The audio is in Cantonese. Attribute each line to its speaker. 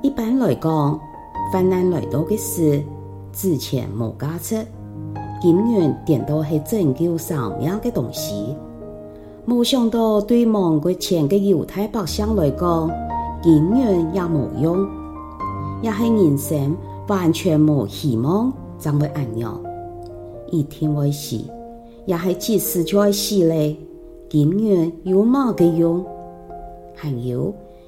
Speaker 1: 一般來講，困難來到嘅時之前冇假設，金錢點到係拯救什麼樣的東西？冇想到對亡國前嘅猶太百姓來講，金錢也冇用，也係人生完全冇希望成會安樣。一天為時，也係即使在死呢，金錢有咩個用？還有？